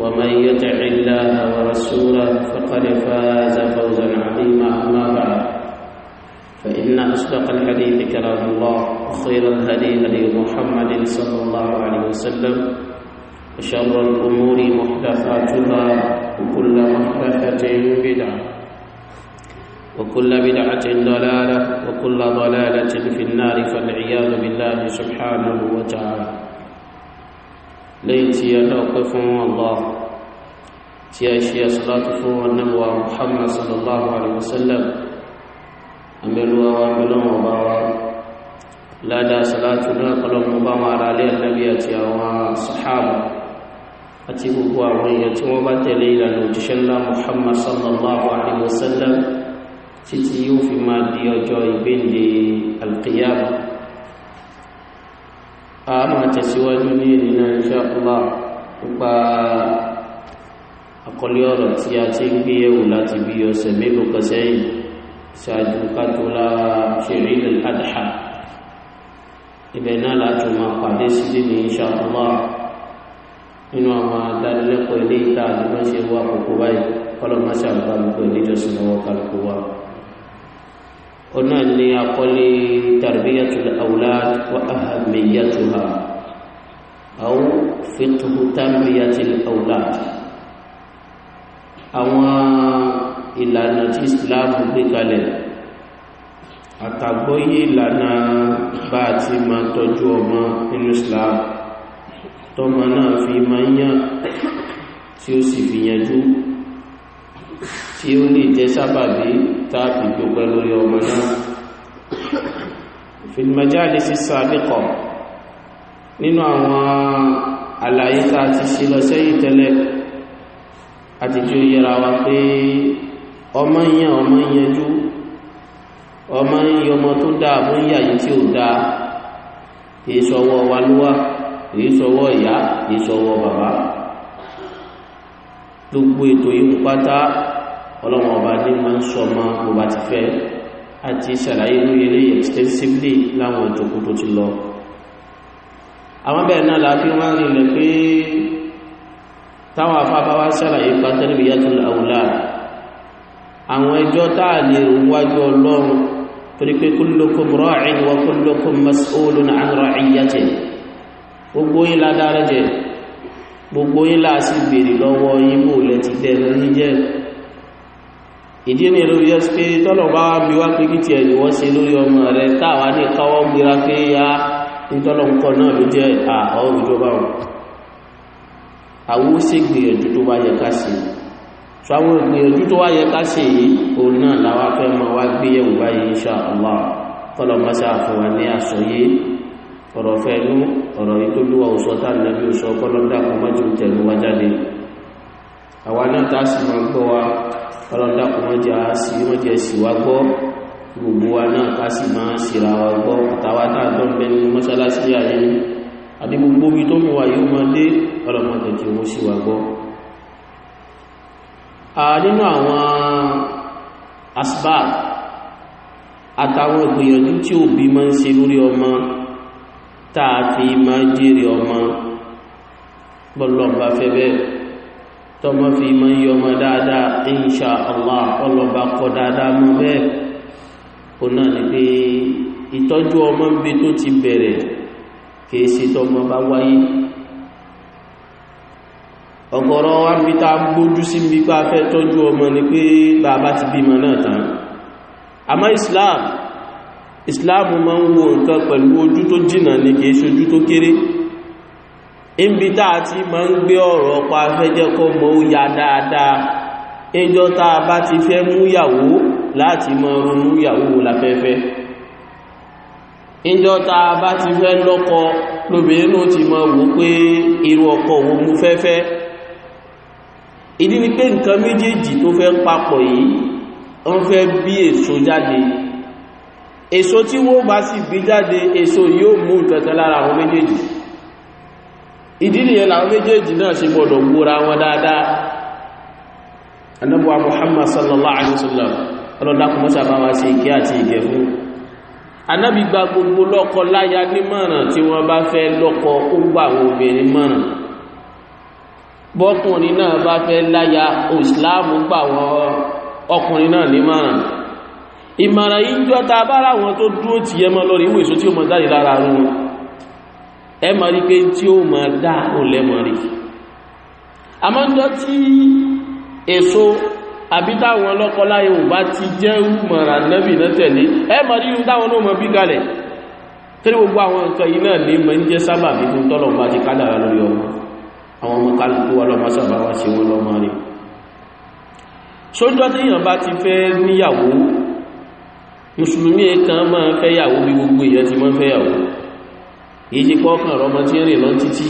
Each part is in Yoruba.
ومن يطع الله ورسوله فقد فاز فوزا عظيما اما بعد فان اصدق الحديث كلام الله وخير الهدي هدي محمد صلى الله عليه وسلم وشر الامور محدثاتها وكل محدثه بدعه وكل بدعه ضلاله وكل ضلاله في النار فالعياذ بالله سبحانه وتعالى lẹ́yìn tí a dọ́pẹ́ fún Allah tí a ṣe aṣọ́láti fún annabuwa Muhammad sallallahu alaihi wasallam amẹ́lúwa wa pẹ̀lọ́n ọba wa ládá aṣọ́láti náà pẹ̀lọ́n ọba wa ara alẹ́ annabi àti àwọn sahaba àti gbogbo àwọn èèyàn tí wọ́n bá tẹ̀lé ìlànà òjíṣẹ́ ńlá Muhammad sallallahu alaihi wasallam títí yóò fi máa di ọjọ́ ìgbéǹde alqiyama a máa tẹ̀síwájú ní ìrìnà insha Allah nípa àkọlé ọ̀rọ̀ tí a ti ń gbé ẹ̀wò láti bí ọ̀sẹ̀ mélòó kan sẹ́yìn ṣáájú kátó la ṣeré ilẹ̀ adha ibẹ̀ náà láti máa pàdé sílé ní insha Allah nínú àwọn ona ni akọli tarbiyatul awlad wa ahamiyatuha aw fiqhu tarbiyatil awlad àwọn ìlànà tí islam gbé kalẹ̀ àtàgbóyé ìlànà bá a ti máa tọ́jú ọmọ nínú islam tọ́mọ náà fi máa ń yàn tí ó sì fi tí ó lè jẹ́ sábàbí táàbì dúpẹ́ lórí ọmọ náà fìlìmọ̀jáde sísọ àdìkọ̀ nínú àwọn àlàyé tá a ti ṣe lọ sẹ́yìn tẹ́lẹ̀ àti tí ó yẹra wa pé ọmọ yẹn ọmọ yẹnjú ọmọ yẹn ọmọ tó dáa bó ń yà yìí tí ò dáa kì í wa ló wà ìyá kì bàbá gbogbo ètò yìí pátá ọlọ́run ọba ní máa ń sọ ọmọ bó bá ti fẹ́ àti ṣàlàyé lórí eléyìí extensively láwọn ìjòkó tó ti lọ àwọn bẹ́ẹ̀ náà láti wá rinlẹ̀ pé táwọn afáfá wá ṣàlàyé pátẹ́lẹ̀bì yàtọ̀ àwùlà àwọn ẹjọ́ táà lè wájú ọlọ́run torí pé kullukum ìdí ní ìlú yẹ́ pé tọ́lọ̀ bá wá bí wá pé kí tiẹ̀ ni wọ́n ṣe lórí ọmọ rẹ̀ táwa ní káwọ́ mira pé ya nítọ́lọ̀ ń kọ́ náà ló jẹ́ àwọn ìjọba wọn àwọn ó sì gbìyànjú tó bá yẹ ká ṣe tó àwọn ìgbìyànjú tó wá yẹ fẹ́ Allah tọ́lọ̀ má ṣáà fún wa ní àsọyé ọ̀rọ̀ fẹ́nu ọ̀rọ̀ ìtòlúwa òṣọ́tà nàbí òṣọ́ kọ́lọ́dà kọ́mọ́jú tẹ̀lú wájáde àwa náà tá a sì máa gbọ́ wa ọlọ́dà kò mọ̀ jẹ́ àásì mọ̀ jẹ́ sì wá gbọ́ gbogbo wa náà ká sì máa síra wa gbọ́ àtàwa tá a gbọ́ asbab àtàwọn ìgbìyànjú tí òbí máa ń ṣe lórí ọmọ tá a fi máa jèrè ọmọ bọ́lọ́mbà fẹ́ bẹ́ẹ̀ tọmọ fi mọ ń yọmọ dáadáa insha allah ọlọba kọ dáadáa mọ bẹ́ẹ̀ ó náà ni pé ìtọ́jú ọmọ ń bi tó ti bẹ̀rẹ̀ kìí ṣe tọmọ bá wáyé ọ̀gọ̀rọ̀ wa bí ta gbójú sí bí pa fẹ́ tọ́jú ọmọ ni pé bàbá ti bímọ náà tán àmọ́ islam islam máa ń wo nǹkan pẹ̀lú ojú tó jìnnà ni kìí ṣojú tó kéré níbi tá a ti máa ń gbé ọ̀rọ̀ pa afẹ́jẹ́ kó mọ ó ya dáadáa ẹjọ́ tá a bá ti fẹ́ mú yàwó láti mọ ronú yàwó láfẹ́fẹ́ ẹjọ́ tá a bá ti fẹ́ lọ́kọ lóbìnrin náà ti mọ wò pé irú ọkọ wo mú fẹ́fẹ́ ìdí ni pé nǹkan méjèèjì tó fẹ́ papọ̀ yìí wọ́n fẹ́ bí èso jáde èso tí wọ́n bá sì bí jáde èso yóò mú nǹkan lára àwọn méjèèjì ìdí nìyẹn làwọn méjèèjì náà ṣe gbọdọ̀ wúra wọn dáadáa anábùwà Muhammad sallallahu alaihi wasallam ọlọ́dàkùnmọ́sà bá wá sí ìkẹ́ àti ìgẹ̀ fún anábì gba gbogbo lọ́kọ láya nímọ̀ràn tí wọ́n bá fẹ́ lọ́kọ ó gbà àwọn obìnrin mọ̀ràn bọ́kùnrin náà bá fẹ́ láya ìsìláàmù gbà wọ́n ọkùnrin náà nímọ̀ràn ìmọ̀ràn yíjọ́ bára wọn tó dúró tìyẹmọ́ lórí ìwé èso tí ó mọ̀ jáde lára rú ẹ máa rí pé tí ó máa dá òun lẹ́mọ̀ rí àmọ́ ńjọ́ tí èso àbí táwọn ọlọ́kọ láyé ò bá ti jẹ́ rúmọ̀rà nẹ́bì náà tẹ̀lé ẹ máa rí irú táwọn náà mọ̀ bí kalẹ̀ tẹ́lẹ̀ gbogbo àwọn nǹkan yìí náà ní mọ̀ ń jẹ́ sábà bí fún tọ́lọ̀ bá ti kádàrà lórí ọmọ àwọn ọmọ kálukú wa lọ́mọ sábà wá sí wọn lọ́mọ rí sójọ́ téèyàn bá ti fẹ́ níyàwó mùsùlùmí kan máa fẹ́ yàwó bí gbogbo èèyàn ti máa fẹ́ yàwó èjì pọ́kàn rọmọ tí ń rìn lọ títí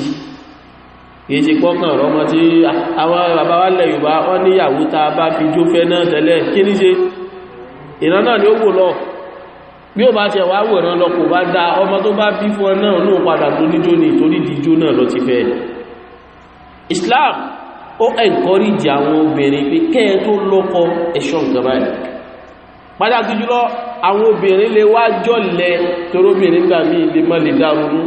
èjì pọ́kàn rọmọ tí àwọn bàbá wa lẹ̀ Yorùbá wọ́n níyàwó ta bá fi jó fẹ́ náà tẹ́lẹ̀ kí ní ṣe ìran náà ni ó wò lọ bí ó bá tẹ wá wòran lọ kò bá da ọmọ tó bá bí fún ọ náà ló padà tó níjó ní ìtorí ìdíjó náà lọ ti fẹ́ Islam ó àwọn obìnrin lè wá jọ̀lẹ̀ toróbìnrin gbà mí lè mọ́ lè dárúrú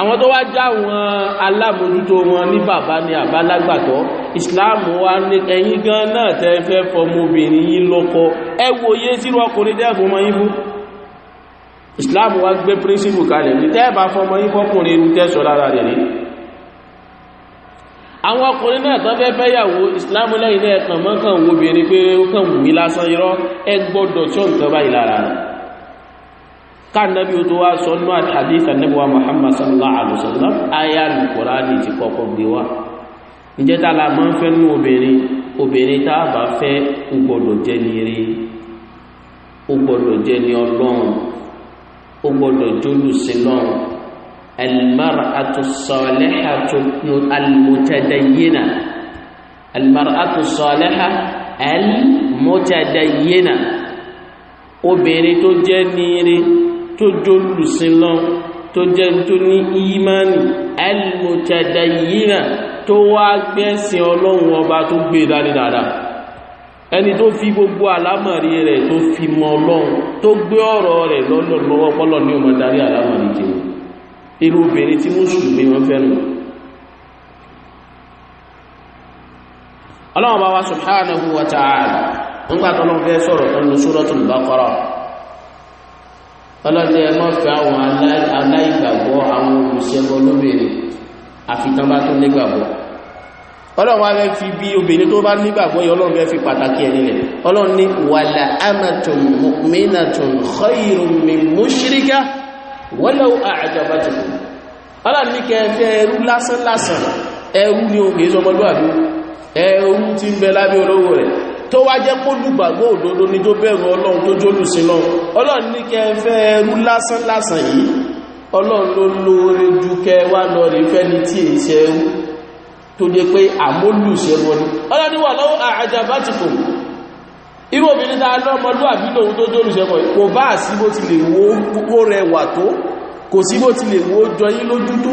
àwọn tó wá já wọn alábòjútó wọn ní bàbá ni àbálágbàtọ́ ìsìláàmù wa ní ẹ̀yin gan náà tẹ́ fẹ́ fọmọ obìnrin yìí lọ́kọ ẹ wòye sírú ọkùnrin dẹ́ fọmọ yín fún ìsìláàmù wa gbé píríncípù kalẹ̀ ní tẹ́ bá fọmọ yín fọkùnrin tẹ́ sọ lára rẹ̀ ní àwọn ọkùnrin náà tán fẹ́ fẹ́yàwó ìsìláàmù lẹ́yìn náà kàn mọ́ kàn wo obìnrin pé ó kàn wù mí lásán irọ́ ẹ gbọ́dọ̀ tí ó nǹkan báyìí lára rẹ̀ káànábí ó tó wá sọ nú àdìsí ànábìwá Muhammad sallallahu alaihi wasallam ayé alùpùpùrá ní ti kọ́kọ́ gbé wá ǹjẹ́ المرأة الصالحة المتدينة المرأة الصالحة المتدينة obìnrin tó jẹ́ níire tó jólùsílọ tó jẹ́ tó ní ìmánì المتدينة tó wá gbẹ́sìn ọlọ́run ọba tó gbé e dání dáadáa ẹni tó fi gbogbo àlámọ̀rí rẹ̀ tó fi mọ ọlọ́run tó gbé ọ̀rọ̀ rẹ̀ lọ́lọ́ irú obìnrin tí mùsùlùmí wọn fẹ́ràn ọlọ́run bá wá subhanahu wa ta'ala ń gbà tọ́lọ́ fẹ́ sọ̀rọ̀ nínú suratul Baqara ọlọ́dẹ ẹ má fẹ́ àwọn aláìgbàgbọ́ àwọn olùṣẹ́gbọ́ lóbìnrin àfitán bá tún nígbàgbọ́ ọlọ́run wá fẹ́ fi khayrun min mushrika wọ́lọ́wọ́ àjọbájò aláàmì kẹfẹ́ ẹrú lásán lásán ẹrú ni o kìí sọmọlúwàbí ẹrú tí ń bẹ lábẹ́ olówó rẹ̀ tó wá jẹ́ kó lùgbàgbọ́ òdodo ni tó bẹ̀rù ọlọ́run tó jólùsí lọ ọlọ́run ní kẹfẹ́ ọlọ́run ló lóore ju ẹrú tó dé irú obìnrin ta lọ́mọlú àbí lòun tó jórù ṣẹ́kọ̀ kò bá sí bó ti lè wó rẹwà tó kò sí bó ti lè wó jọ yí lójú tó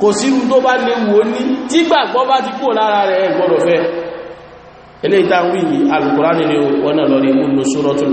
kò sírú tó bá lè wó ní tí gbàgbọ́ bá ti kó lára rẹ̀ ẹgbọ́dọ̀ fẹ́ ilé ìtàwí alùkùránì ni wọ́n náà lọ rí múlò Suratul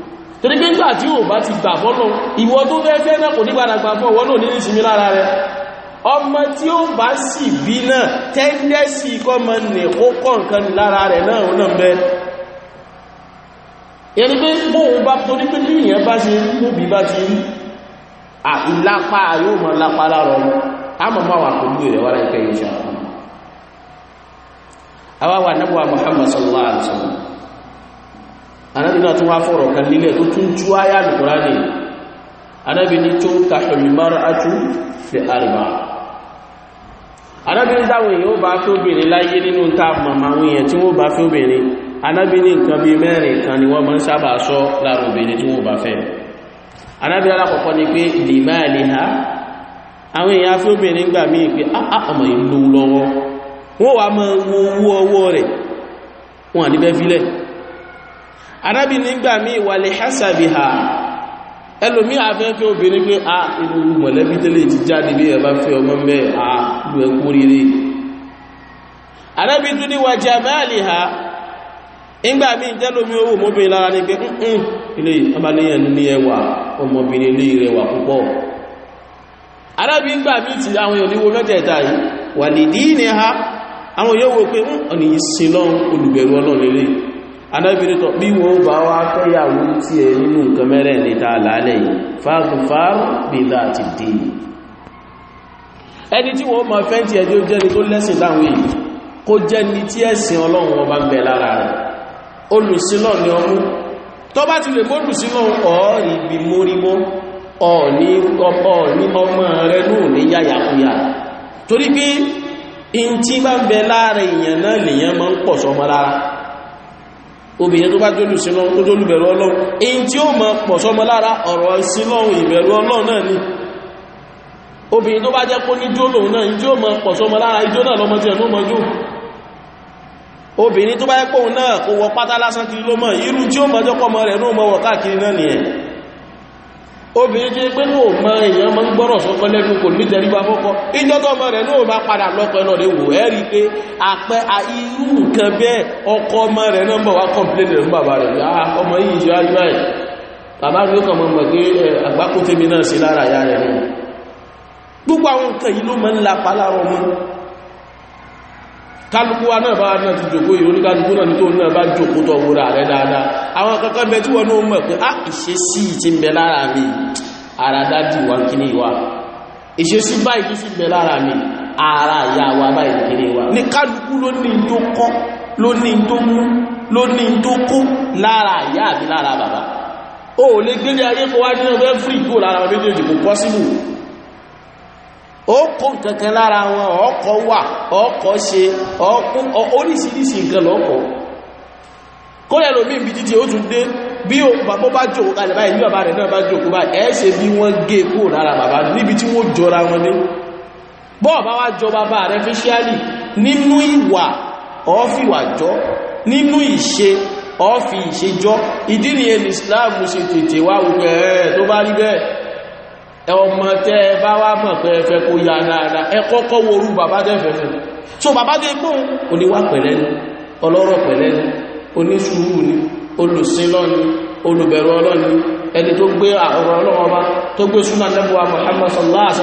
torí pé nígbà tí ò bá ti gbà fọ́lọ́ ìwọ tó fẹ́ fẹ́ náà kò nígbàdà gbà fún ọwọ́ náà ní ìsinmi lára rẹ̀ ọmọ tí ó bá sì bí náà tẹ́ndẹ́sì kọ́mọ nì ó kọ́ nǹkan lára rẹ̀ náà ó náà bẹ́ yẹni pé bóun Muhammad sallallahu alaihi wasallam anábi náà tún wá fọ̀rọ̀ kan nílẹ̀ tó tún jú áyá lùkúrá ní anábi ní tó ń kàṣọ fe ájú fi àrìbá anábi ní dáwọn èèyàn bá fi obìnrin láyé nínú ta màmá àwọn tí wọ́n bá fi obìnrin anábi ní nǹkan bíi mẹ́rin kan ni wọ́n máa ń sábà sọ lára obìnrin tí wọ́n bá fẹ́ arábì nígbà míì wà lè hásábì ha ẹlòmí àfẹ́fẹ́ obìnrin pé a ah, irú mọ̀lẹ́bí tẹ́lẹ̀ ti jáde bí ẹ̀bá fẹ́ ọmọ mẹ́ a gbẹ̀ kú rere arábì tún ní wà jàmáàlì ha nígbà míì tẹ́lòmí owó mọ́bìnrin lára ní pé nǹkan ilé ọmọléyàn ní ẹwà ọmọbìnrin ilé rẹwà púpọ̀ arábì nígbà míì ti àwọn èèyàn níwo mẹ́tẹ̀ẹ̀ta yìí wà lè ní ha àwọn yóò wo pé mm, ọ̀nìyàn sílọ́n olùbẹ̀rù ọlọ́run lélẹ́yìn anábìrítọ̀ bí wọ́n bá wá kọ́yàwó tí ẹ nínú nǹkan mẹ́rẹ̀ níta àlàálẹ̀ yìí fàáfàá bèèrè àti dé ẹni tí wọ́n ma fẹ́ tí ẹjọ́ jẹ́ni tó lẹ́sìn láwọn èyí kó jẹ́ni tí ẹ̀sìn ọlọ́run ọba ń bẹ lára rẹ̀ ni ọmú tó bá ti lè mọ́lùsílọ̀ ọ̀ọ́rì bí mórímọ́ ọ̀ọ̀ní ọmọ rẹ̀ náà ní yáyàkúyà torí pé obìnrin tó bá jólù sílọ tó jólù bẹ̀rù ọlọ́run èyí tí ó mọ̀ pọ̀ sọmọ lára ọ̀rọ̀ sílọ́run ìbẹ̀rù ọlọ́run náà ni obìnrin tó bá jẹ́ kó ní jólòun náà ìjí ó mọ̀ pọ̀ sọmọ lára ìjó náà lọmọ tí ẹ̀ ló mọ̀ jù obìnrin tó obìnrin tí pé ní òmọ èèyàn mọ́ ń gbọ́rọ̀ sọ́kọ́ lẹ́nu kò ní tẹríba fọ́kọ́ ìjọ́tọ́mọ rẹ̀ ní òmọ padà lọ́pẹ́ náà lè wò ẹ́rí pé àpẹ irú nǹkan bẹ́ẹ̀ ọkọ ọmọ rẹ̀ náà wá kọ́mpléèdì kálukúwa náà bá náà ti jòkó yìí oníkálukú náà ní tó náà bá jòkó tọ wúra rẹ̀ dáadáa àwọn kankan bẹ tí wọ́n ní mọ̀ pé ah ìṣesí ti ń bẹ lára mi ara dájú wa ń kíní wa ìṣesí báyìí tó sì bẹ lára mi ara ìyá wa báyìí kíní wa ní kálukú ló tó kó lára ìyá àbí lára bàbá o lè gbélé ayé kó nínú ẹgbẹ́ fún ìgbò lára méjèèjì kò pọ́síbù ọkọ̀ kankan lára wọn ọkọ̀ wà ọkọ̀ ṣe oríṣiríṣi nǹkan lọ́kọ̀ kó lẹ́ lómi ibi títí ó tún dé bí o bàbá bá jòkó kalẹ̀ báyìí bí bàbá rẹ̀ náà bá jòkó báyìí ẹ́ ṣe bí wọ́n gé e kúrò lára bàbá níbi tí wọ́n jọra wọn dé bọ́ọ̀bá wá jọ bàbá rẹ̀ fíṣíálì nínú ìwà ọ́fìwàjọ́ nínú ìṣe ọ́fì ìṣejọ́ ìdí ni el Islam ṣe tètè wá gbogbo ẹ̀ẹ́ tó bá rí bẹ́ẹ̀ ọmọ tẹ́ ẹ bá wá mọ̀ pé ẹ fẹ́ kó ya dáadáa ẹ kọ́kọ́ worú bàbá tẹ́ fẹ́fẹ́ so bàbá tẹ́ gbọ́n oníwà pẹ̀lẹ́ ni ọlọ́rọ̀ pẹ̀lẹ́ ni onísùúrù ni olùsínlọ́ni olùbẹ̀rù ọlọ́ni ẹni tó gbé ọ̀rọ̀ ọlọ́wọ́ bá tó gbé súnà lẹ́bùwà Muhammad sallallahu alaihi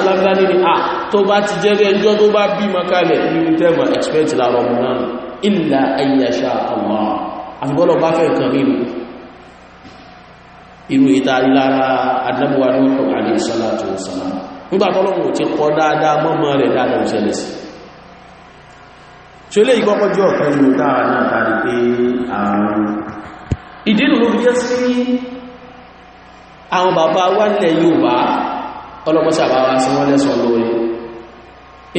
wasallam dání irú ìtàrí lára adábọ̀wà ní ọ̀pọ̀ àdé ìṣọ́láàtò ìṣọ́lá nígbàtọ́lọ́wọ̀ tí kọ́ dáadáa mọ́mọ́ rẹ̀ dáadáa ìṣẹ́lẹ̀ sí ṣe lè ìkọ́kọ́ jẹ́ ọ̀kan ìlú dáa náà tàbí pé ààrùn ìdínú ló fi jẹ́ sí àwọn bàbá wa nílẹ̀ Yorùbá ọlọ́pọ̀ṣà bàbá sí wọ́n lẹ́sọ̀ lórí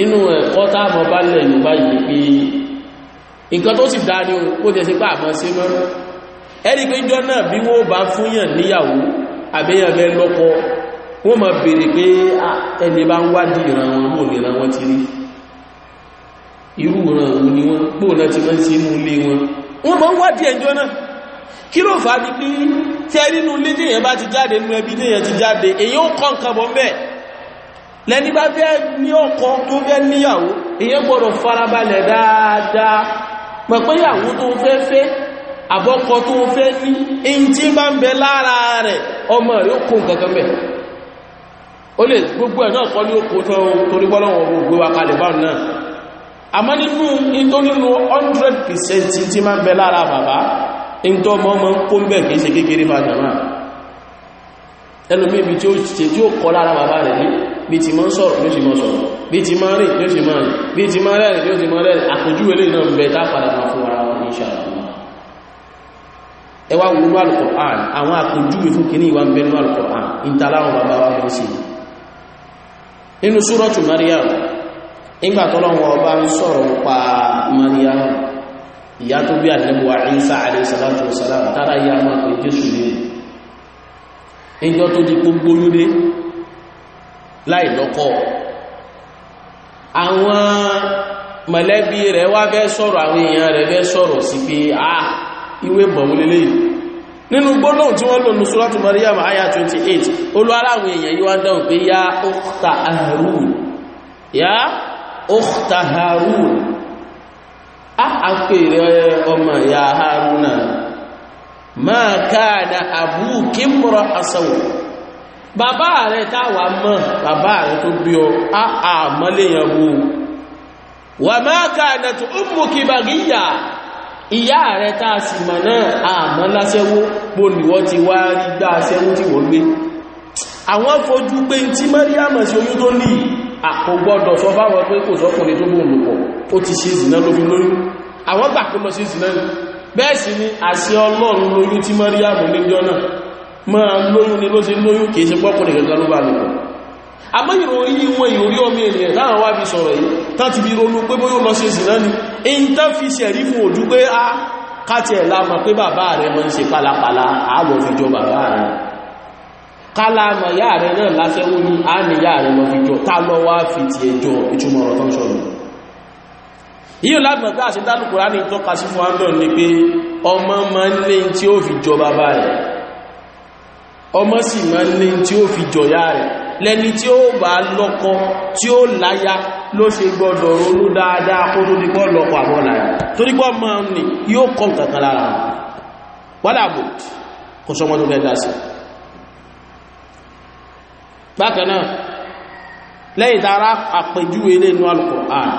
inú ẹ̀kọ́ táàmọ̀ bá nílẹ̀ ẹ̀rí pé jọ náà bí wọ́n bá fúnyàn níyàwó àbẹ́yànfẹ́ lọ́kọ wọ́n ma bèèrè pé ẹni bá ń wádìí ìran wọn bóò nìran wọn ti rí irú ìran ni wọ́n bóò náà ti wọ́n sí inú ilé wọn wọ́n ma ń wádìí ẹjọ́ náà kí ló fà á di pé tẹ́ nínú ilé téèyàn bá ti jáde nínú fẹ́ ní ọkọ tó fẹ́ níyàwó èyàn gbọ́dọ̀ farabalẹ̀ dáadáa mọ̀ pé tó fẹ́ fẹ́ àbọ́kọ tó fẹ́ ní in tí bá ń bẹ lára rẹ̀ ọmọ rẹ̀ ó kó nǹkan bẹ̀ ó lè gbogbo ẹ̀ náà kọ́ ní okò tó torí gbogbo wa kalẹ̀ bá náà àmọ́ nínú ìtọ́nínú 100% tí máa ń bẹ lára bàbá in tó mọ́ mọ́ kó ń bẹ̀ kìí ṣe kékeré bá jàmá ẹnu mi ibi tí ó ṣe tí ó kọ́ lára bàbá rẹ̀ ní bí ti máa ń sọ̀rọ̀ ló ṣe máa sọ̀rọ̀ bí ti máa rìn ló ṣe máa rìn bí ti máa rẹ̀rìn àpòjúwẹ́lẹ́ náà ń bẹ tá máa fún ara wọn ní ìṣàlọ́ ẹwà wọnú alùkọ̀án àwọn àpòjúwe fún kìíní ìwà mẹ́rin alùkọ̀án ìtàláwọn bàbá wa mọ́ sí nínú súrọ̀tù Maryam ìgbà tọ́lọ́wọ́ ń sọ̀rọ̀ pa Maryam ìyá tó bí àdẹ́bùwà Isa alayhi salatu salam tára ìyá máa pè Jésù lé ìjọ tó di gbogbo lóde láì lọ́kọ àwọn mọ̀lẹ́bí rẹ̀ wá fẹ́ ìwé mọ̀wólélé nínú gbólóhùn tí wọ́n lò ní suratu Maryam àyà 28 olúwaláwọn èèyàn yíwá dáhùn pé ya ukhta Harun ya ukhta Harun a àpèrè ọmọ ya Haruna ma kana abuki imra'a saw bàbá rẹ̀ táwà mọ̀ bàbá rẹ̀ tó bí ọ a àmọ́léyàn wo ìyá rẹ̀ táa sì mà náà àmọ́ láṣẹ́wó pò níwọ́ ti wá rí gbá aṣẹ́wó tí wọ́n gbé àwọn fojú pé tí mẹ́ríàmà sí oyún tó ní àkọgbọ́dọ̀ sọ fáwọn pé kò sọ́kùnrin tó bóòlù pọ̀ ó ti ṣe ìsìná lóbi lórí àwọn gbà pé mọ́ ṣe ìsìná ni bẹ́ẹ̀ sì ni àṣẹ ọlọ́run lóyún tí mẹ́ríàmù níjọ́ náà máa lóyún ni ló ṣe lóyún kìí ṣe pọ́kùnrin gẹ̀gẹ́ ló bá lò pọ̀ àmọ́ ìròyìn wọn ìròrí ọmọ ènìyàn táwọn wá fi sọ̀rọ̀ yìí tán ti bí ronú pé bóyó lọ ṣe sì ni in tán fi ṣẹ̀rí fún ojú pé a ah, káti ẹ̀ láàmà pé bàbá rẹ̀ mọ́ ń ṣe pálapàla àlọ́ fi jọ bàbá rẹ̀ kálàmà yá rẹ̀ náà láṣẹ́wó ní a ní yá rẹ̀ lọ fi tá lọ wá fi ti ẹjọ́ ìtumọ̀ ọ̀rọ̀ ni pé ọmọ ma ń lé tí ó fi jọ bàbá rẹ̀ ọmọ sì ma ń lé tí bá lọ́kọ tí ó láya ló ṣe gbọdọ̀ ronú dáadáa kó tó dípọ́ lọ́pọ̀ àbọ́ lára torí pọ́ mọ́ ní yóò kọ́ kankan lára wádàbò kò sọmọ́ tó fẹ́ dá sí bákan lẹ́yìn tara àpèjúwe lè nú Al-Qur'an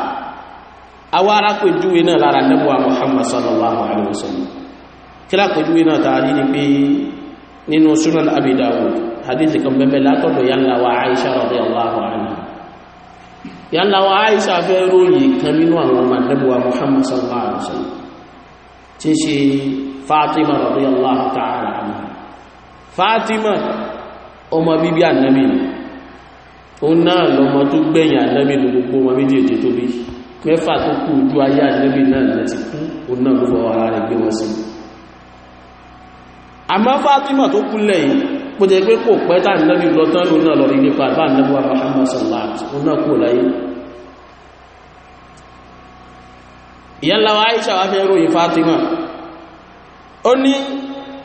àwọn arápèjúwe náà lára nẹ́bùwà Muhammad sallallahu alaihi wasallam kí lápèjúwe náà tààrí ni pé Abi Dawud hadith kan bẹ́ẹ̀ wa Aisha radiyallahu anha yàlá wa Aisha fẹ́ ròyìn kan nínú àwọn ọmọ àdẹ́bùwà Muhammad sallallahu alaihi wasallam tí ṣe Fatima radiyallahu ta'ala anha Fatima ọmọ bíbí ànábì òun náà lọmọ tó gbẹ̀yìn ànábì gbogbo ọmọ méjèèjì tó bí mẹ́fà tó kú ojú ayé ànábì náà lẹ́ti kú òun náà ló ara rẹ̀ gbé wọn sí àmọ́ Fátímà tó kúnlẹ̀ yìí kò jẹ́ pé kò pẹ́ tàbí lọ́bí lọ́tán ló náà lọ́rí nípa àbá àdínlẹ́wà Muhammad sallallahu alaihi wasallam náà kò láyé ìyánláwà Aisha wá fẹ́ ròyìn Fátímà ó ní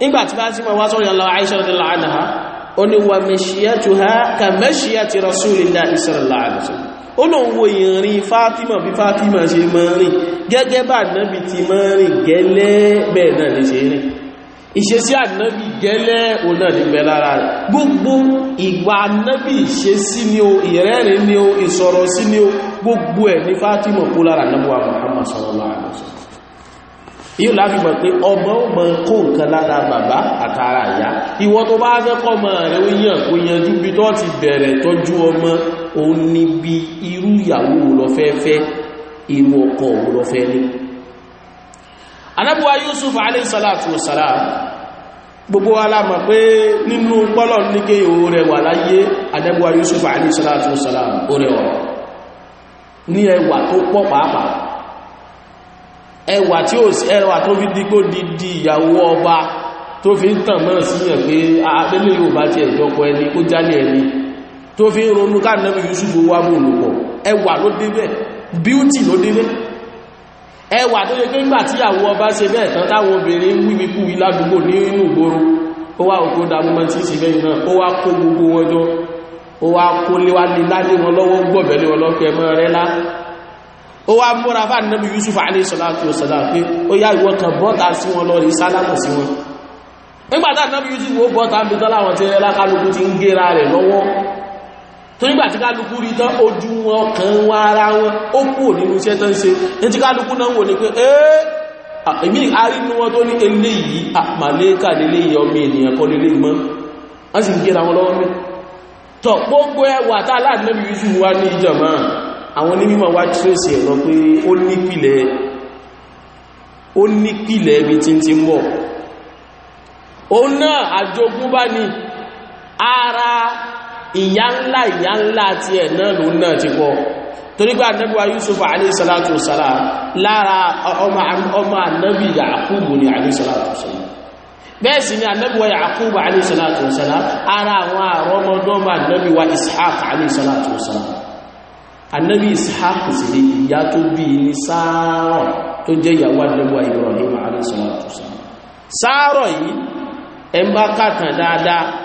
ìgbà tí Fátímà wá sọ́rọ̀ ìyánláwà Aisha radiyallahu anha ó ní wa mashiyatuha ka mashiyati rasulillahi wo ìrìn Fátímà bí Fátímà ṣe máa rìn gẹ́gẹ́ bá nábì ti máa rìn gẹ́lẹ́ bẹ́ẹ̀ náà lè ṣe rìn ìṣesí ànábì gẹ́lẹ́ ọ̀nà nígbẹ̀ lára rẹ̀ gbogbo ìwà ànábì ìṣesí ni o ìrẹ́rìn ni o ìsọ̀rọ̀ sí ni o gbogbo ẹ̀ ní Fatima kó lára ànábùwà Muhammad sallallahu alaihi wasallam yíò láti mọ̀ pé ọmọ ọmọ kó nǹkan lára bàbá àtàrà ìyá ìwọ tó bá fẹ́ kọmọ rẹ̀ ó anábíwá yusuf aleyhisalatu wasalam gbogbo alamọ̀ pé nínú pọ́lọ̀ níké oòrẹ wà láyé anábíwá yusuf aleyhisalatu wasalam oòrẹ wà ní ẹwà tó pọ̀ pàápàá ẹwà tí ó sí ẹwà tó fi dígbó dídí ìyàwó ọba tó fi ń tàn mọ́ síyàn pé abẹ́lẹ̀ yóò bá ti ẹ̀jọ́kọ ẹni kó jálẹ̀ ẹwà ló débẹ̀ beauty ló débẹ̀ ẹwà tó yẹ pé nígbà tí àwọn ọba ṣe bẹ́ẹ̀ tán táwọn obìnrin ń wíwíkú ìlàdúgbò nínú ìgboro ó wá òkú dàmúmọ́ tí ìsìn bẹ́ẹ̀ náà ó wá kó gbogbo wọn jọ ó wá kó léwá ní lálé wọn lọ́wọ́ gbọ̀bẹ̀ lé wọn mọ́ gera rẹ̀ lọ́wọ́ tó nígbà tí kálukú rí tán ojú wọn kan wá ara wọn ó kúrò nínú iṣẹ́ tán ṣe ní tí kálukú náà wò ní pé ẹ́ẹ́ èmi àrínú wọn tó ní eléyìí àmàlẹ́kà lélẹ́yìí ọmọ ènìyàn kan lélẹ́ mọ́ wọ́n sì ń gẹ́ra wọn lọ́wọ́ mẹ́ tọ̀ gbogbo ẹwà tá ara ìyá ńlá ìyá ńlá ti ẹ̀ náà ló náà ti kọ́ torígbà ànábì wa Yusuf aléṣàlátù sàlá lára ọmọ ànábì Yakubu ni aléṣàlátù sàlá bẹ́ẹ̀ sì ni ànábì wa Yakubu aléṣàlátù sàlá ara àwọn àrọmọdọ́mọ ànábì Ishaq aléṣàlátù sàlá ànábì Ishaq sì ni ìyá tó bí ní sáárọ̀ tó jẹ́ ìyàwó ànábì wa Ibrahim aléṣàlátù dáadáa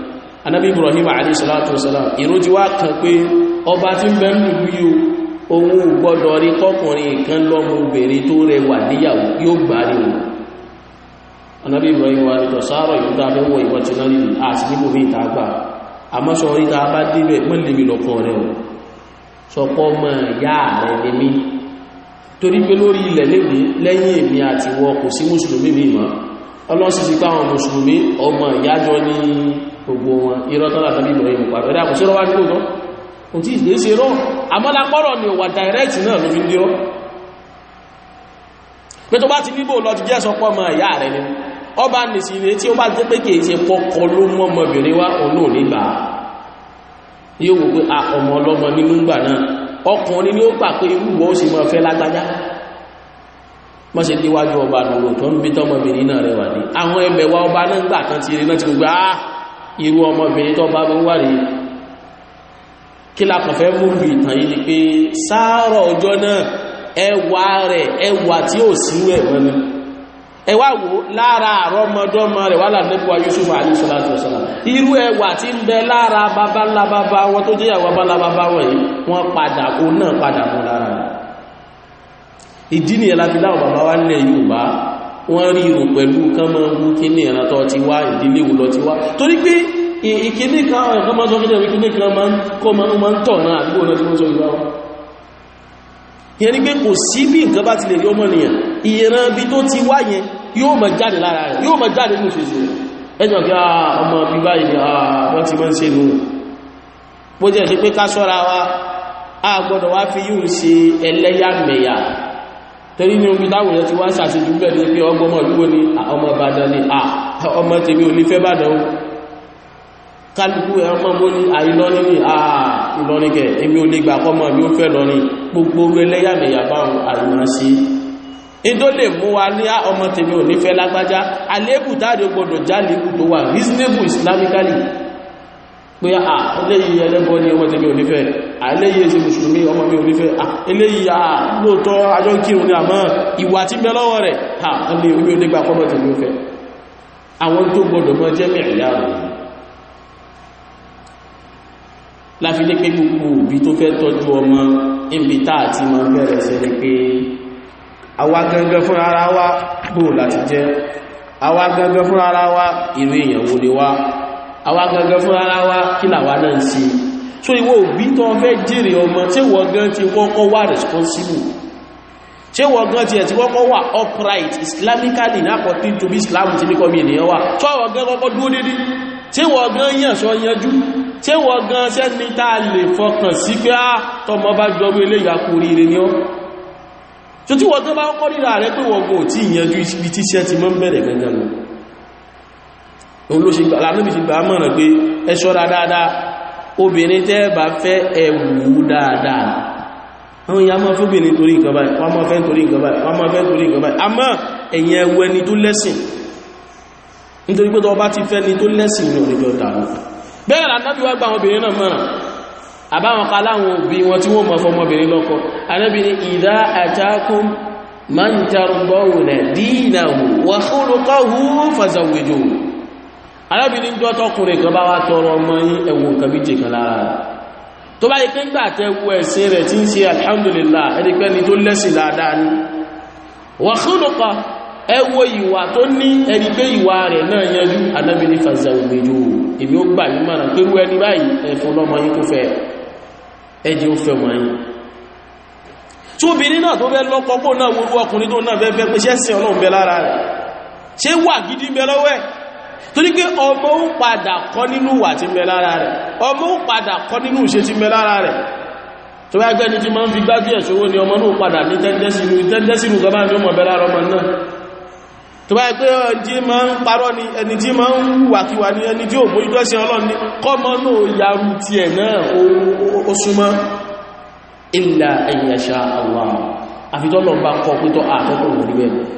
anábí ibrahim alayhi salatu wasalam ìrójú wá kan pé ọba tí ń bẹ́ẹ̀ lùlú yóò ohun gbọ́dọ̀ rí kọkùnrin kan lọ́mọ obìnrin tó rẹwà níyàwó yóò gbà rí wọn anábí ibrahim wa nìtọ̀ sáárọ̀ yóò dá fẹ́ wọ ìwọ̀n tí náà nìyí àti níbo mi ìta gbà àmọ́ sọ orí ta bá débẹ̀ mọ́lẹ̀ mi ọlọ́sí sí káwọn mùsùlùmí ọmọ ìyájọ́ ní gbogbo wọn irọ́ tọ́lá tàbí ìbọ̀rẹ̀ ìmọ̀ pàtàkì ẹ̀dà kò sí rọ́wá gbogbo kò tí ìgbé sí rọ́ àmọ́lápọ́rọ̀ ni wà direct náà ló fi ń dírọ́ pé tó bá ti níbò lọ ti jẹ́ sọpọ́ ọmọ ìyá rẹ̀ ni ọba nìsí ilé tí ó bá ọlọ́mọ nínú gbà náà ọkùnrin ni ó pà irú wọ́n sì mọ́ fẹ́ lágbájá wọ́n ṣe díwájú ọba àdúgbò tó ń bí tọ́mọbìnrin náà rẹwà ní àwọn ẹmẹ̀wà ọba náà gbà kan ti rí náà ti gbogbo àá ah, irú ọmọbìnrin tó bá wà rí kí lápọ̀fẹ́ múlù ìtàn yìí ni pé sáárọ̀ ọjọ́ náà ẹwà rẹ̀ ẹwà tí ó sí rẹ̀ Yusuf alayhi salatu wassalam irú ẹwà tí ń bẹ lára babalábábá wọn tó jẹ́yàwó babalábábá wọ̀nyí wọ́n padà òun náà padà ìdí ni ẹlábílá bàbá wá nílẹ̀ Yorùbá wọ́n rí ìrùn pẹ̀lú kán mọ́ mú kí ní ẹ̀nà tọ́ ti wá ìdílé ìwòlọ ti wá torí pé ìkíní kan ọ̀kan máa sọ fún ẹ̀rọ ìkíní kan kọ́ máa ń tọ̀ náà àdúgbò náà tí wọ́n sọ ìgbà wọn ni pé kò sí bí nǹkan bá ti lè rí ah, ah, pé ká ṣọ́ra wa a gbọ́dọ̀ wá fi yíò ṣe ẹlẹ́yàmẹ̀yà torí ní orí táwọn èèyàn ti wá sàṣejù bẹ́ẹ̀ ní pé ọgbọ́mọ̀ ìlúwò ní ọmọ ìbàdàn ní à ọmọ tèmi ò ní fẹ́ bàdàn ó kálukú ẹ̀rọ mọ́ ní àìlọ́ní ní à ìlọ́nìkẹ̀ èmi ò lè gbà kọ́mọ̀ mi ó fẹ́ lọ́ní gbogbo ẹlẹ́yàmẹ̀yà báwọn àìmọ̀ sí ìdó lè mú wa ní ọmọ tèmi ò ní fẹ́ lágbájá alébù pé à eléyìí ẹlẹ́bọ ní ọmọ tèmi onífẹ́ àìléyìí èsì mùsùlùmí ọmọ mi onífẹ́ eléyìí à lóòtọ́ ajọ́ kírun ní àmọ́ ìwà tí bẹ lọ́wọ́ rẹ̀ à lè àwọn gangan fún ara wa bóò èèyàn wo ni wá àwa gangan fún ara wá, kí làwa náà ń ṣe so ìwọ òbí tó fẹ́ jèrè ọmọ tí wọ́n gan ti kọ́kọ́ wà responsible tí wọ́n gan ti ẹ̀ ti kọ́kọ́ wà upright islamically nápọ̀ tí tóbi islam ti ní kọ́mí ènìyàn wà tó àwọn gan kọ́kọ́ dúró dédé tí wọ́n gan yàn sọ yanjú tí wọ́n gan sẹ́ni tá a lè fọkàn sí pé á ah, tọmọ bá jọrú eléyà kú oríire ni ọ́ so tí wọ́n gan bá kọ́ nílà rẹ pé wọ́n gan ò tí ìyanjú ibi tíṣẹ́ ti mọ́ bẹ̀rẹ̀ gangan lọ olóṣègbàlábì ti gbà mọ̀ràn pé ẹ ṣọ́ra dáadáa obìnrin tẹ́ bá fẹ́ ẹ wò dáadáa àwọn ìyá máa fóbìnrin torí nǹkan báyìí wọ́n máa fẹ́ torí nǹkan báyìí wọ́n máa fẹ́ torí nǹkan báyìí àmọ́ ẹ̀yìn ẹwọ ẹni tó lẹ́sìn nítorí pé tọba ti fẹ́ ni tó lẹ́sìn ní òdìjọ arábìnrin jọ tọkùnrin kan bá wá tọrọ ọmọ yín ẹwọ nǹkan méje kan lára rẹ̀ tó bá yẹ pé ńgbà tẹ wo ẹ̀sìn rẹ̀ tí ń ṣe alhamdulillah ẹni pé ni tó lẹ́sìn dáadáa ni wà kúlùkọ ẹ ìwà tó ní ẹni pé ìwà rẹ̀ náà yanjú anábìnrin fàzà òmìnirò èmi ó gbà yín mọ̀ràn ẹni báyìí ẹ̀fọn lọ́mọ yín tó fẹ́ torí pé ọmọ ó padà kọ́ nínú wà tí mẹ lára rẹ̀ ọmọ ó padà kọ́ nínú ìṣe tí mẹ lára rẹ̀ tó bá gbẹ́ni tí ma ń fi gbájú ẹ̀ṣòwò ni ọmọ náà padà ní tẹ́ndẹ́sìnú tẹ́ndẹ́sìnú gọba ní ọmọ bẹ lára ọmọ náà tó bá pé ẹni ma ń parọ́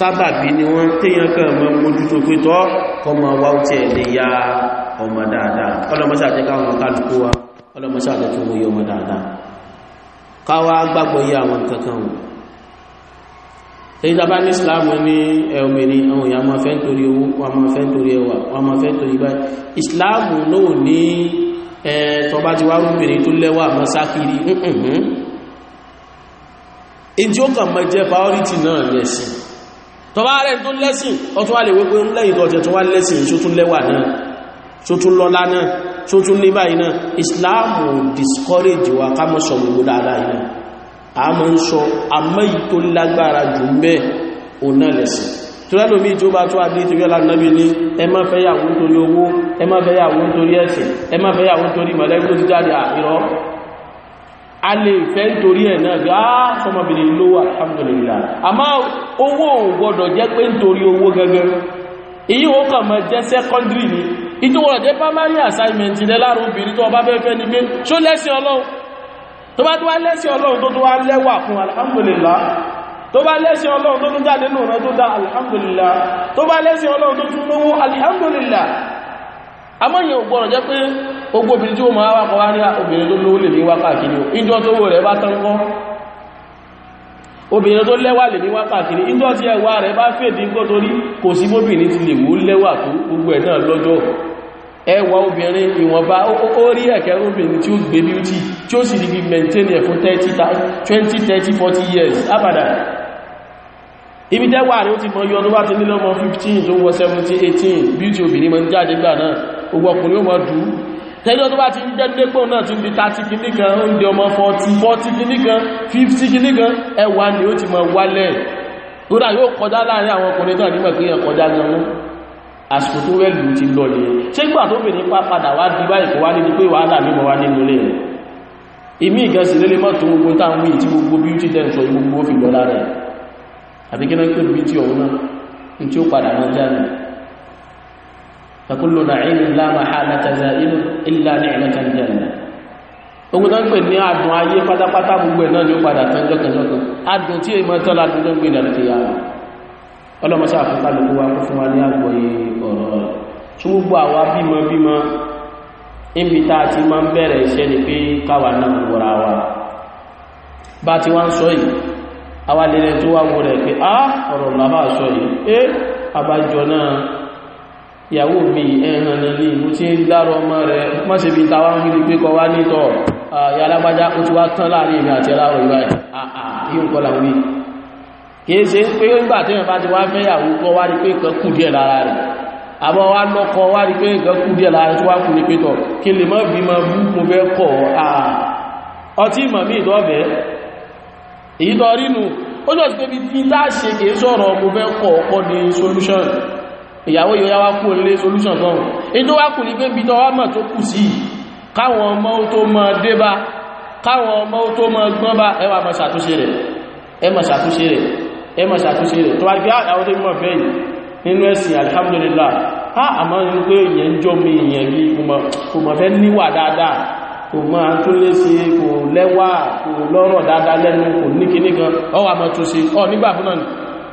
sábàbí ni wọ́n téèyàn kan mọ́ mójútó pé tọ́ kọmọ wá ó tiẹ̀ lè ya ọmọ dáadáa ọlọ́mọṣà jẹ́ káwọn kálukú wa ọlọ́mọṣà jẹ́ kí wọ́n yọ ọmọ dáadáa káwa gbàgbọ́ yí àwọn kankan wọn èyí ní islam ní ẹ̀ọ̀mẹ̀ni àwọn èèyàn máa fẹ́ nítorí owó wọn máa islam náà ní tọba ti wá rúbìnrin tó lẹ́wà mọ́ sákiri in tí ó kàn tọba rẹ̀ tó lẹ́sìn ọtún wà lè wípé ń lẹ́yìn tọ́jẹ̀ tó wà lẹ́sìn tó tún lẹ́wà náà tó tún lọ́lá náà tó tún ní báyìí náà islamu discourage wa ká mọ́ sọ gbogbo dáadáa yìí a mọ́ ń sọ amẹ́yì tó lágbára jù mẹ́ ọ̀nà lẹ́sìn tó lẹ́lò bí ìjọba tó adé torí ọlá nábi ní ẹ má fẹ́ yàwó nítorí owó ẹ má fẹ́ yàwó nítorí ẹ̀sìn ẹ má fẹ́ yàwó nítorí mọ̀lẹ́gbẹ́ tó jáde àìrọ́ a lè fẹ́ nítorí ẹ̀ náà gá ah, sọmọbìnrin lówó alhamdulillah àmá owó ò gbọdọ̀ jẹ́ pé nítorí owó gẹ́gẹ́ èyí ó kàn mọ́ jẹ́ secondary ni ìtòwọ̀rọ̀ jẹ́ primary assignment ilẹ̀ láàrùn obìnrin tó ọba fẹ́fẹ́ ni pé ṣó lẹ́sìn ọlọ́run tó bá tó alhamdulillah tó bá lẹ́sìn ọlọ́run tó tún jáde nù rẹ tó dá alhamdulillah amáyẹ̀ ògbọ́rọ̀ jẹ́ pé ogbó obìnrin tí ó máa wákọ̀ wá ní obìnrin tó lówó lè ní wákàkiri ìjọ tó wò rẹ̀ bá tánkọ́ obìnrin tó lẹ́wà lè ní wákàkiri ìjọ tí ẹwà rẹ̀ bá fèdí gbọ́ torí kò sí bóbìnrin ti lè rí ó beauty tí ó sì rí maintain ẹ̀ fún 20 30 40 years abada ibi tẹ́wà rẹ̀ ó ti mọ yọ tó bá ti nílọ́mọ 15 tó wọ 17 18 beauty obìnrin mọ́ jáde gbà náà owó ọkùnrin ó mọ́ dù ú tẹ́lẹ̀ tó bá ti ń gbẹ́dúlé pọ̀ náà ti ń di 30 kìíní kan ó ń di ọmọ 40 kìíní kan 50 kìíní kan ẹwà ni ó ti mọ̀ wálẹ̀ kódà yóò kọjá láàrin àwọn ọkùnrin náà nígbà pé ẹ̀kọjá gan mú àsìkò tó rẹ̀ lù ti lọ nìyẹn ṣé gbà tó bè nípa padà wá di báyìí kò wá pé wàhálà mímọ̀ wá nínú ilé ìmí ìgẹ́sì lélé mọ́ tó gbogbo táwọn wí tí gbogbo beauty ten sọ gbogbo fi lọ lára ẹ̀ àbíkẹ́ náà pé beauty ọ̀hún náà ní tí ó padà máa jáde فكل نعيم لا محالة زائل إلا نعمة الجنة ogun tó ń pè ní adùn ayé pátápátá gbogbo ẹ̀ náà ni ó padà tán jọ́kẹ̀jọ́kẹ̀ adùn tí èmọ́ tán láti ló ń gbé ìdàrí kìyà rẹ̀ ọlọ́mọsá àfúnká ló kó tó wá wọ rẹ̀ pé á ọ̀rọ̀ làbá sọ yìí é abájọ náà ìyàwó mi ẹ̀ràn nílé mo ti ń dárọ ọmọ rẹ̀ mọ́ sí ibi tàwà ń rí pé kọ wá nítọ̀ ìyàlágbájá ó ti wá tán láàrin ìrìn àti ẹláwọ̀ ìbáyìí ààyè ń kọlà wí kìí ṣe pé nígbà tí wọ́n bá ti wá fẹ́yàwó kọ́ wá rí pé nǹkan kù díẹ̀ lára rẹ̀ àbọ̀ wá lọ́kọ wá rí pé nǹkan kù díẹ̀ lára rẹ̀ tó wá kù ní pé tọ̀ kí lè mọ́ bí mọ́ bú mo fẹ́ kọ̀ ọtí ìmọ̀ mí ìdọ́bẹ̀ èyí tọ́ rínú ó jọ sí ìyàwó yóò yáwá kú orílẹ̀ solution kan èyí tó wá kù ní pé bí tọ́wọ́ mọ̀ tó kù sí káwọn ọmọ tó mọ̀ débá káwọn ọmọ tó mọ̀ gbọ́n bá ẹ wá máa ṣàtúnṣe rẹ̀ ẹ máa rẹ̀ ẹ máa rẹ̀ tó wá gbé àwọn tó mọ̀ fẹ́ alhamdulillah ha ah, àmọ́ ní pé èèyàn jọ mi èèyàn bí kò mọ̀ fẹ́ níwà dáadáa kò mọ̀ à ń tún lé sí kò lẹ́wà kò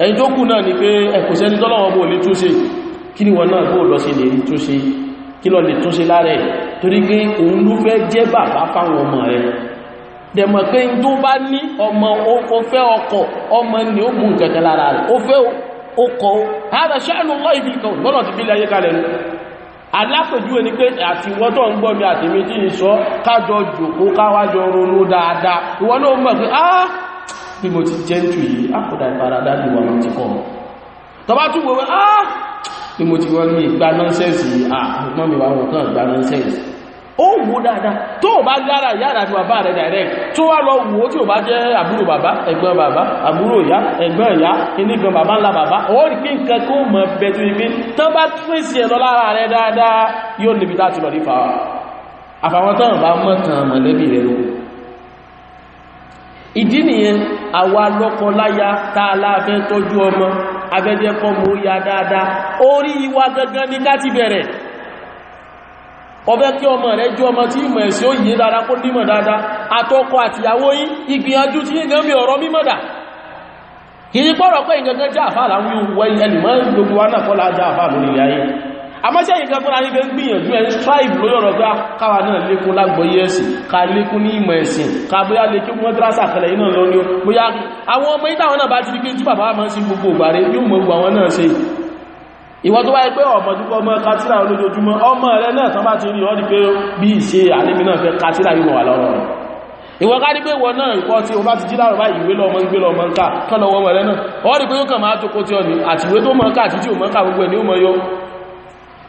ẹni tó kù náà ni pé ẹkù sẹ́ni tọ́lọ́wọ́ bó lè túnṣe kí ni wọ́n náà bó lọ sí lè túnṣe kí lọ lè túnṣe láàrẹ̀ torí pé òun ló fẹ́ jẹ́ bàbá fáwọn ọmọ rẹ̀ ni alápẹ̀jú ẹni pé àtiwọ́tọ̀ ń àtìmí tí káwájọ ronú dáadáa náà ah, pé mo ti jẹ́ jù yìí àpòdà ìfaradá ní wà ti kọ́ tọba tún gbogbo ah pé mo ti wọ́n ní ìgbà nọ́nsẹ́nsì àmọ́ mi wà wọ́n kan ìgbà nọ́nsẹ́nsì ó wò dáadáa tó bá gára yára ní bàbá rẹ̀ direct tó wá lọ wò tí ó bá jẹ́ àbúrò bàbá ẹ̀gbọ́n bàbá àbúrò ìyá ẹ̀gbọ́n ìyá inígan bàbá ńlá bàbá ó rí pé nǹkan kó mọ̀ bẹ̀tù ìgbé tán bá tírèsì ẹ̀ lọ lára rẹ̀ dáadáa yóò níbi láti lọ rí àfàwọn tán bá mọ̀ tán mọ̀lẹ́bí rẹ̀ lóhun ìdí nìyẹn àwa lọ́kọ láya tọ́jú ọmọ mú ya dáadáa orí wa gangan ní ká ti bẹ̀rẹ̀ ọbẹ́ kí ọmọ rẹ̀ jú ọmọ tí ìmọ̀ ẹ̀sí ó yìí dára kó nímọ̀ dáadáa àtọkọ àtìyàwó yí ìgbìyànjú tí yígan mi ọ̀rọ̀ àmọ́sí ẹ̀yìn kan fún àyíká gbìyànjú ẹ̀ strive lórí ọ̀rọ̀ pé káwà náà lékún lágbọ̀yé ẹ̀sìn ká lékún ní ìmọ̀ ẹ̀sìn ká bóyá lékún mọ́dúrásà kẹlẹ̀ iná lọ ní bóyá àwọn ọmọ ìtàwọn náà bá ti rí pé tí bàbá máa ń sí gbogbo ògbàre yóò mọ̀ gbogbo àwọn náà ṣe ìwọ́n tó wáyé pé ọmọ dúpọ̀ ọmọ kátírà olójoojúmọ́ ọmọ rẹ̀ náà tán bá ti rí ọdí pé bí ìṣe àlébí náà fẹ́ kátírà yíwọ̀ wà lọ́rọ̀ rẹ̀ ìwọ́n ká ní pé wọ́n náà ìkọ́ tí o bá ti jí láàrọ̀ báyìí ìwé lọ́mọ ń lọ́mọ ń ká kọ́lọ̀wọ́ rẹ̀ náà ọdí pé ó kàn máa tó kó tí ọ ní àtiwé tó mọ́ ká àti tí ò mọ́ ká gbogbo ẹ̀ ní ó mọ́ yóò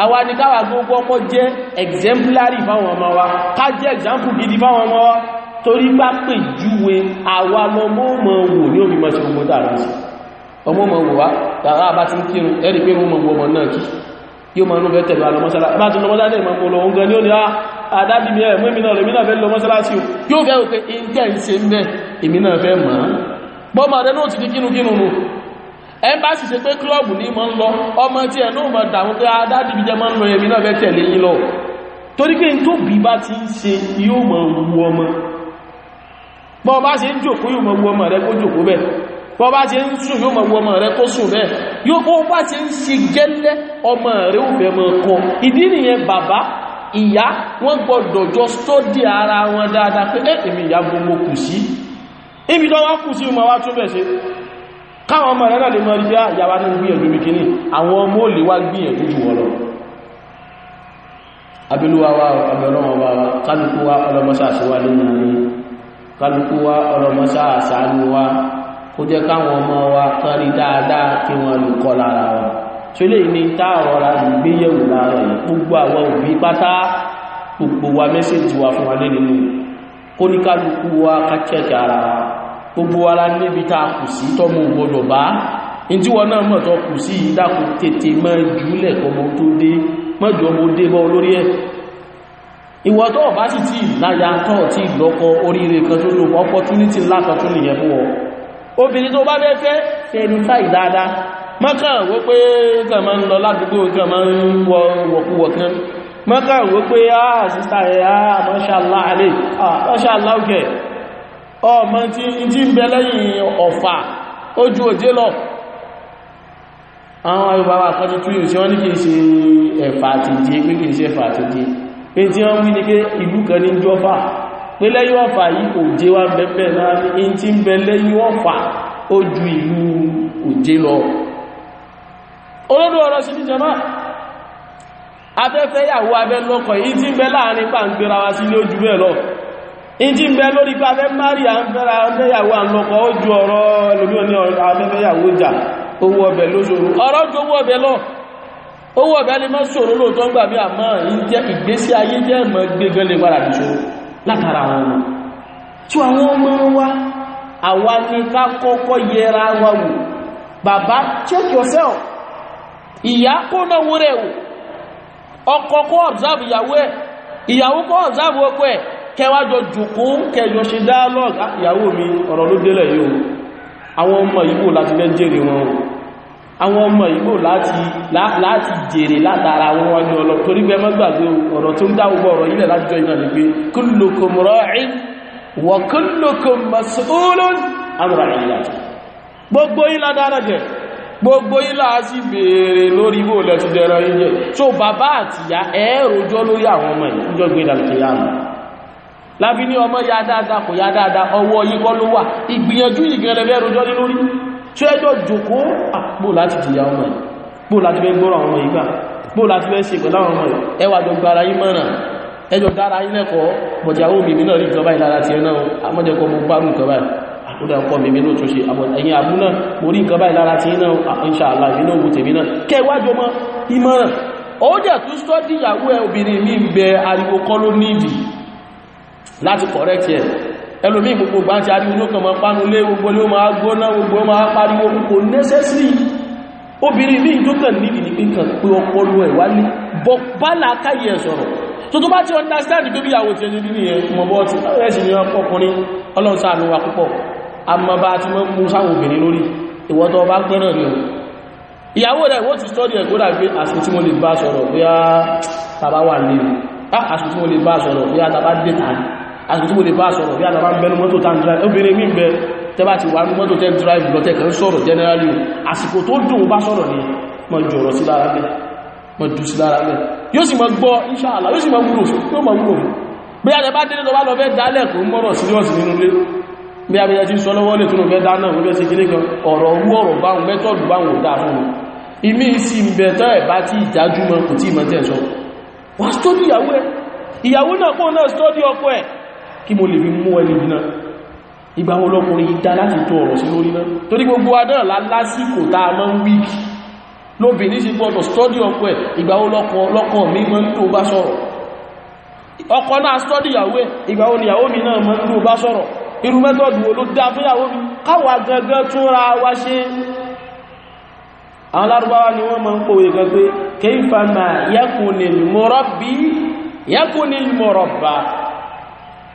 àwa ni káwà gbogbo ọkọ̀ jẹ́ exemplary fáwọn ọmọ wa ká jẹ́ example gidi fáwọn ọmọ wa torí bá pè júwe àwa lọmọ mọ̀ wò ní omi mọ́sí gbogbo tààrà sí ọmọ mọ̀ wò wá tààrà bá ti ń kírun ẹ̀rì pé wọ́n mọ̀ ọmọ náà kí yóò mọ̀ rúbẹ̀ tẹ̀lọ alọ́mọ́sálá bá ti lọ ẹmbásì se pé klọ́ọ̀bù ní mọ́ ń lọ ọmọ tí ẹ̀ náà mọ̀ dàmú pé adádìbí ah, jẹ́ mọ́ ń lọ ẹ̀mí náà bẹ́ tẹ̀lé yín lọ torí pé tó bí bá ti ń ṣe yóò mọ̀ wu ọmọ bọ́ bá ṣe ń jòkó yóò mọ̀ wu ọmọ rẹ kó jòkó bẹ́ẹ̀ bọ́ bá ṣe ń sùn yóò mọ̀ wu ọmọ rẹ kó sùn bẹ́ẹ̀ yóò kó bá ṣe ń ṣe gẹ́lẹ́ ọmọ rẹ ò fẹ́ mọ̀ kọ ìdí nìyẹn bàbá ìyá wọ́n gbọ́dọ̀ jọ stọ́dì ara wọn dáadáa pé ẹ̀ èmi gbogbo kù sí ibi tó wá kù sí ọmọ wá tún bẹ̀ ṣe káwọn ọmọ rẹ̀ náà lè mọ́ rífẹ́ ìyàwó ní gbìyànjú bí kìíní àwọn ọmọ ò lè wá gbìyànjú jù wọ́n lọ abẹ́lúwàwà abẹ́lọ́wọ́wà kálùkúwà ọlọ́mọsáàsíwá lẹ́nà rí kálùkúwà ọlọ́mọsáàsáàlúwà kó jẹ́ káwọn ọmọ wa kán rí dáadáa kí ní táàrọ̀ ra wa mẹ́sẹ̀jì wa gbogbo ara níbi tá a kù sí tọ́mọ ògbọ́dọ̀ bá ní wọ́n náà mọ̀ tọ́ kù sí ìdákùn tètè mọ́ jùlẹ̀ ọmọ tó dé mọ́jọ ọmọ dé bọ́ olórí ẹ̀ ìwọ tó bá sì tí láya tọ́ tí lọ́kọ oríire kan tó lò opportunity lákan tó nìyẹn fún ọ obìnrin tó bá fẹ́ fẹ́ fẹ́ni fáì dáadáa mọ́kàn wó pé kàn máa ń lọ ládùúgbò kàn máa ń wọ wọ̀kúwọ̀ kan mọ́kàn wó pé ah sísá ẹ̀ eh, ah mashallah alẹ́ ah mashallah okay ọmọ tí jí ń bẹ lẹ́yìn ọ̀fà ojú òjé lọ àwọn arúgbàwà àkọ́jú tí yìí tí wọ́n ní kìí ṣe ẹ̀fà àti jí pé kìí ṣe ẹ̀fà àti jí pé tí wọ́n wí ní pé ìlú kan ní jọfà pé lẹ́yìn ọ̀fà yìí kò jẹ́ wá bẹ́ẹ̀ náà ní tí ń bẹ lẹ́yìn ọ̀fà ojú ìlú òjé lọ olódó ọ̀rọ̀ sí ti jẹmá afẹ́fẹ́ yàwó abẹ́ lọ́kọ̀ yìí tí ń bẹ láàrin pàǹgbéra wa sí ilé ojú bẹ́ẹ̀ lọ ìjí ń bẹ lórí pé afẹ́ márì àfẹ́ra ọmọdéyàwó àlọ́kọ̀ ojú ọ̀rọ̀ lórí ọ̀ní afẹ́fẹ́yàwó jà owó ọbẹ̀ ló ọ̀rọ̀ ju owó ọbẹ̀ lọ owó ọbẹ̀ lè má ṣòro lóòótọ́ àmọ́ ìgbésí ayé jẹ́ mọ́ gbégan lè látara check yourself ìyàwó ẹ̀ ìyàwó kó ẹ̀ kẹwàjọ jùkú kẹjọ ṣe dialogue ah, ìyàwó mi ọ̀rọ̀ ló délẹ̀ yóò àwọn ọmọ ìgbò láti fẹ́ jèrè wọn àwọn ọmọ ìgbò láti jèrè látara wọn wájú ọlọ torí bẹ mọ́gbàgbé ọ̀rọ̀ tó ń dáwọ́ ọ̀rọ̀ ilẹ̀ lájọ wa kullukum mas'ulun an ra'iyatihi gbogbo yín ládára jẹ gbogbo ilá sí bèèrè lórí ibò lẹ́tìdẹ̀rọ ilẹ̀ tó bàbá àtìyá ẹ̀ẹ́ròjọ́ lórí àwọn ọmọ ìjọgbé ìdàlùkìyàmù lábí ní ọmọ ya dáadáa kò ya dáadáa ọwọ́ yí kọ́ ló wà ìgbìyànjú ìgbìyànlẹ̀ ẹrùjọ́ ní lórí tí ẹjọ́ jòkó àpò láti jìyà ọmọ yìí pò láti fẹ́ gbọ́rọ̀ ọmọ yìí gbà pò láti fẹ́ ṣe pẹ̀lú àwọn ọmọ yìí ẹwà jọ gbára yí mọ́ràn ẹjọ́ dára yí lẹ́kọ̀ọ́ bọ̀jáwó mìmí náà rí ìjọba ìlara ti ẹ̀nà àmọ́jẹ́kọ́ mo bá nǹkan báyìí àkúdà ọkọ̀ mìmí ló tún ṣe ẹ̀yìn àbú ó jẹ́ tún stọ́dí ìyàwó ẹ obìnrin mi ń bẹ ariwo kọ́ ló nídìí láti correct ẹ̀ ẹlòmí gbogbo gbá ti arí olókan ma pánu lé gbogbo ló ma gbóná gbogbo ma pariwo kò necessary obìnrin ní ìdókàn ní ìdìdì pé kàn pé ọpọlọ ẹ̀ wálé bọ́ bálá káyẹ ẹ̀ sọ̀rọ̀ tó tó bá ti understand tó bí ìyàwó ti ẹni ní ẹ̀ mọ̀bọ́ ti ẹ̀sì ní ọkùnrin ọlọ́sàánú wa púpọ̀ àmọ́ bá ti mú sáwọn obìnrin lórí ìwọ́tọ̀ bá pẹ́ràn ní ìyàwó rẹ̀ wọ́n ti sọ́dí ẹ̀kọ́ dàgbé àsìkò tí wọ́n lè bá sọ̀rọ̀ bí ah, a àti mo lè bá sọ̀rọ̀ bí àtàbá bẹnu mọ́tò tán drive obìnrin mi bẹ tẹ́bá ti wà ní mọ́tò tẹ́ drive lọ́tẹ́ kan sọ̀rọ̀ generally àsìkò tó dùn bá sọ̀rọ̀ ní mọ́ jọ̀rọ̀ sí lára bẹ́ mọ́ dù sí lára bẹ́ yóò sì mọ́ gbọ́ inṣàlá yóò sì mọ́ wúlò yóò mọ́ wúlò bí àtàbá délé lọ bá lọ fẹ́ dálẹ̀ kò mọ́rọ̀ serious nínú ilé bí abẹ́yẹ ti sọ lọ́wọ́ lè túnú fẹ́ dáná wọ́n fẹ́ sí kílé kan ọ̀rọ̀ owó ọ̀rọ̀ báhùn mẹ́tọ̀dù báhùn dáa fún un ìmí sí ìbẹ̀tọ́ ẹ̀ bá tí ìjájú mọ́ kò tí ìmọ̀ tẹ̀ sọ wà stọ́dí ìyàwó ẹ̀ ìyàwó náà kó náà stọ́dí ọkọ ẹ̀ kí mo lè fi mú ẹni jìnà ìgbà wọn lọ́kùnrin ìdá láti tó ọ̀rọ̀ sí lórí náà torí gbogbo adára lásìkò tá a mọ́ ń wíkì lóbi ní sí gbọ́dọ̀ stọ́dí ọkọ ẹ̀ ìgbà wọn lọ́kọ̀ mi mọ́ ń tó bá sọ̀rọ̀ ọkọ náà stọ́dí ìyàwó ẹ̀ ìgbà wọn ìyàwó mi náà mọ́ ń tó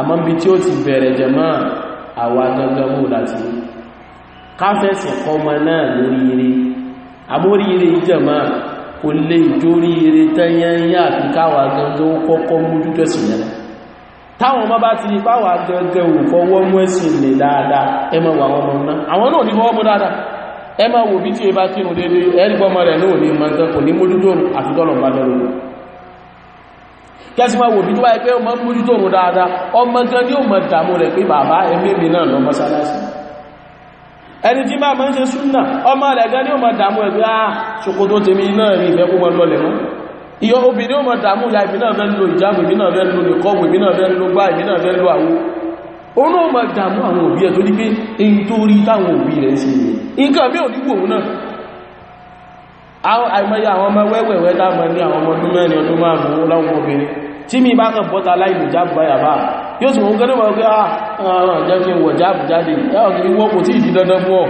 àmọ́ bí tí ó ti bẹ̀rẹ̀ jẹmọ́ àwa ganganmú láti káfẹ́sì kọmọ náà lórí ire àmórí ire jẹmọ́ kò lè jórí ire tẹ́yẹnyà àti káwà gangan kọ́kọ́ mójútó sí yẹn táwọn ọmọ bá ti fáwà gangan ò fọwọ́ mú ẹ̀sìn lè dáadáa ẹ kẹsí máa wò bí tó bá yẹ pé ọmọ ń mújú tó rò dáadáa ọmọ gan ní òmọ ìdàmú rẹ̀ pé bàbá ẹgbẹ́gbẹ́ náà lọ mọ́sálásí ẹni tí máa máa ń ṣe súnnà ọmọ rẹ̀ gan ní ya ìbí náà fẹ́ lo ìjáàbò ìbí náà fẹ́ lo nìkọ́wò ìbí náà fẹ́ lo gbá ìbí náà fẹ́ lo àwo òun náà mọ̀ àìmọ́yà àwọn ọmọ wẹ́wẹ̀wẹ́ dámọ̀ ní àwọn ọmọ ọdún mẹ́rin ọdún márùn-ún láwọn obìnrin tí mi bá kàn bọ́ta láì lè jáàbù báyà bá yóò sì wọ́n gẹ́rẹ́ wọ́n pé àwọn ah, jẹ́ kí wọ̀ jáàbù jáde yáwọn kìí wọ́n kò tí ìdí dandan mú ọ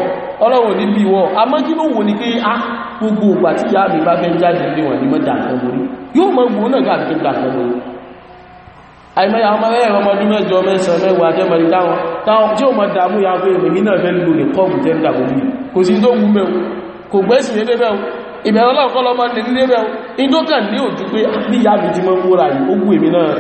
ọlọ́wọ̀ ní bí wọ́n a mọ́ kí ló wò ní pé a ah, gbogbo ìgbà tí ìyá mi bá fẹ́ jáde lé wọn ní mọ́ dàǹkan lórí yóò mọ́ gbogbo náà gàbí dàǹkan lórí àìmọ́yà ọmọ ẹ̀rọ ọmọ ọdún mẹ́jọ ìbẹ̀rẹ̀ ọlọ́run kọ́ lọ́mọ lè nílé rẹ̀ indó kàn ní òjú pé ah, bí ìyá mi ti mọ́ wúra yìí ó wù èmi náà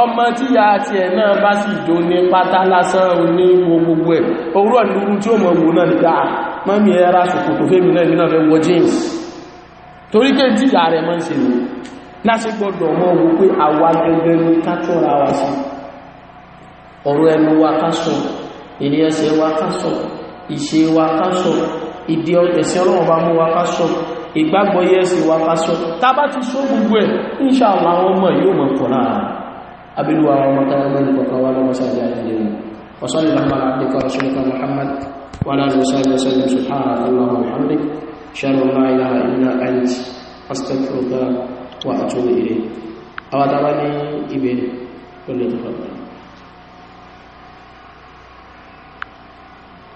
ọmọ tí ya ti ẹ̀ náà bá sì jó ní pátá lásán ní gbogbo ẹ̀ òwúrọ̀ lúrú tí ó mọ̀ wò náà nígbà ah, mọ́mí ẹra ṣòkòtò fẹ́mi náà nínú ọ̀fẹ́ wọ jeans torí pé tí ìyá rẹ̀ máa ń ṣe ní láti gbọ́dọ̀ mọ́ wo pé àwa gẹ́gẹ́ ní kátọ́ra wa sí ọ̀rọ̀ ẹnu wa ká sọ ìrìn ẹsẹ̀ wa ká sọ ìṣe wa ká sọ ìdí ẹ̀sìn ọlọ́run bá mú wákásọ́ ìgbàgbọ́ yẹ́sì wákásọ́ tàbá ti só gbogbo ẹ̀ insha Allah àwọn ọmọ yóò mọ̀ pọ̀ náà abinúwà ọmọ tàbí kọ̀kan wá lọ́wọ́ sáàdì àdìyẹ̀wò wasalli lọ́mọ́ àdìkọ̀ rasulika muhammad wà láàrín sáàdì wasalli subhanahu wa muhammad sharu ma ilaha illa anti astaghfiruka wa àwọn tàbá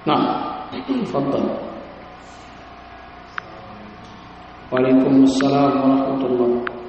نعم تفضل وعليكم السلام ورحمة الله